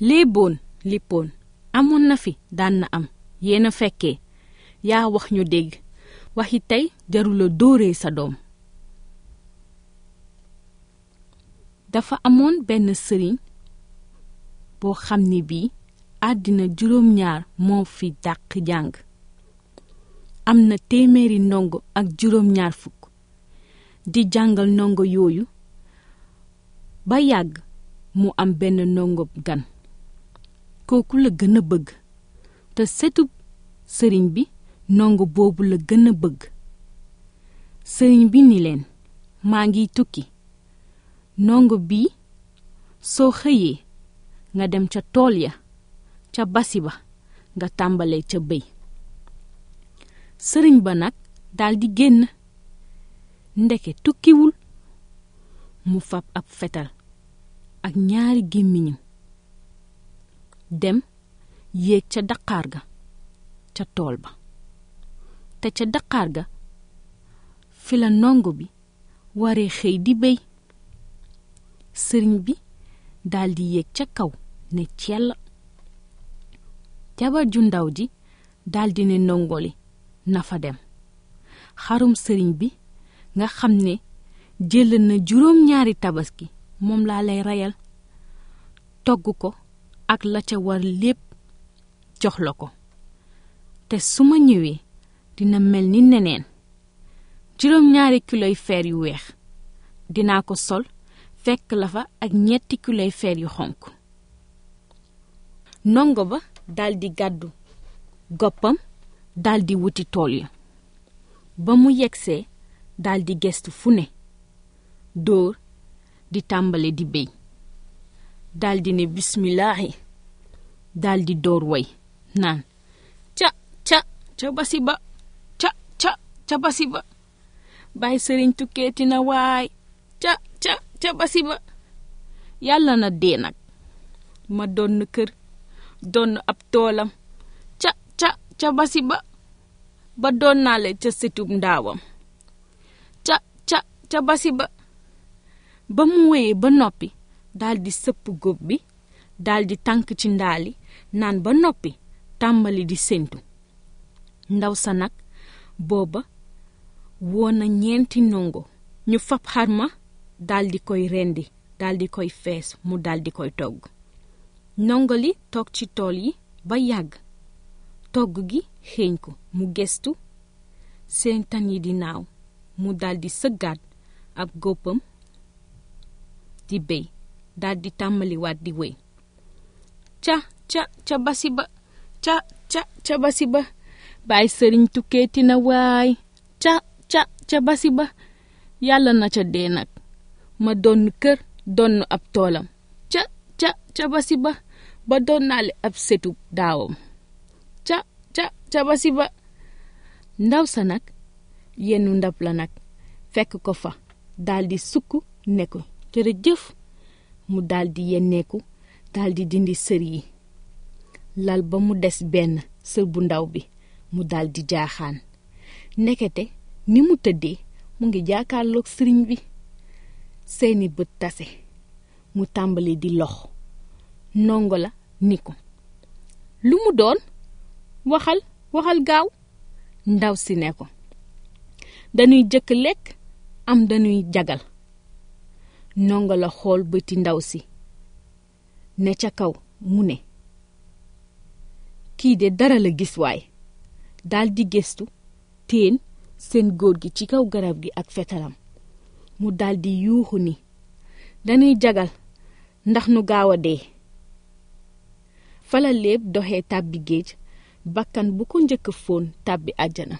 léeboon lippoon amoon na fi daan na am yéen fekke yaa wax ñu dégg waxi tey jarula dóoree sa doom dafa amoon benn sëriñ boo xam ni bii àddina juróom-ñaar moo fi dàq jàng am na téeméeri ndongo ak juróom-ñaar fukk di jàngal ndongo yooyu ba yàgg mu am benn ndongo gan kooku la gën a bëgg te setub sëriñ bi ndongo la gën a bëgg sëriñ bi ni maa ngiy tukki ndongo bi soo xëyee nga dem ca tool ya ca basi ba nga tàmbale ca béy sëriñ ba nag daldi génn ndeke tukkiwul mu fab ab fetal ak ñaari gémmiñam dem yéeg ca daqaar ga ca tool ba te ca daqaar ga fi la ndongo bi waree xëy di béy sëriñ bi daldi yéeg ca kaw ne cell jabar ju ndaw ji daldi ne ndongoli li nafa dem xarum sëriñ bi nga xam ne jël na juróom ñaari tabaski moom laa lay reyal togg ko ak la ca war lépp jox la ko te su ma ñëwee dina mel ni neneen juróom-ñaari kiloy feer yu weex dinaa ko sol fekk lafa ak ñetti kiloy feer yu xonk ndongo ba daldi gàddu goppam daldi wuti tool ya ba mu yegsee daldi gestu fu ne dóor di tàmbalee di béy daldi ne bismillaahi daldi door woy naan ca ca ca basi ba ca ca basi ba bay sëriñ tukkeeti na waay ca ca ca basi ba yàlla na dee nag ma donn kër donn ab toolam ca ca ca basi ba ba doon naa ca sëtub ndaawam ca ca ca basi ba ba mu wéyee ba noppi daldi sëpp góob bi daldi tànk ci ndaali naan ba noppi tàmbali di séentu ndaw sa nag booba woo na ñeenti ndongo ñu fab xarma daldi koy rendi daldi koy fees mu daldi koy togg ndongo li toog ci tool yi ba yàgg togg gi xeeñ ko mu gëstu seen tan yi di naaw mu daldi sëggaat ab góppam di bey daldi di tàmbaliwaat di wéy ca ca ca basi ba ca ca ca basi ba baay sëriñ tukkeeti na waay ca ca ca basi ba yàlla na ca dee nag ma donn kër donn ab toolam ca ca ca basi ba ba donnaale ab setu daawam ca ca ca basi ba ndaw sa nag yenu ndab la nag fekk ko fa daldi sukk ne ko jërëjëf mu daldi yenneeku daldi dindi sër yi lal ba mu des benn sër bu ndaw bi mu daldi jaaxaan ndekete ni mu tëddee mu ngi jaakaarloog sëriñ bi seeni bët tase mu tàmbali di lox ndongo la ni ko lu mu doon waxal waxal gaaw ndaw si ne ko dañuy jëkk lekk am dañuy jagal ndongo la xool bëti ndaw si ne ca kaw mu ne kii de dara la gis waay dal di gëstu teen seen góor gi ci kaw garab gi ak fetalam mu daldi yuuxu ni dañuy jagal ndax nu gaaw a dee fala léeb doxee tàbbi géej bakkan bu ko njëkk foon tàbbi àjjana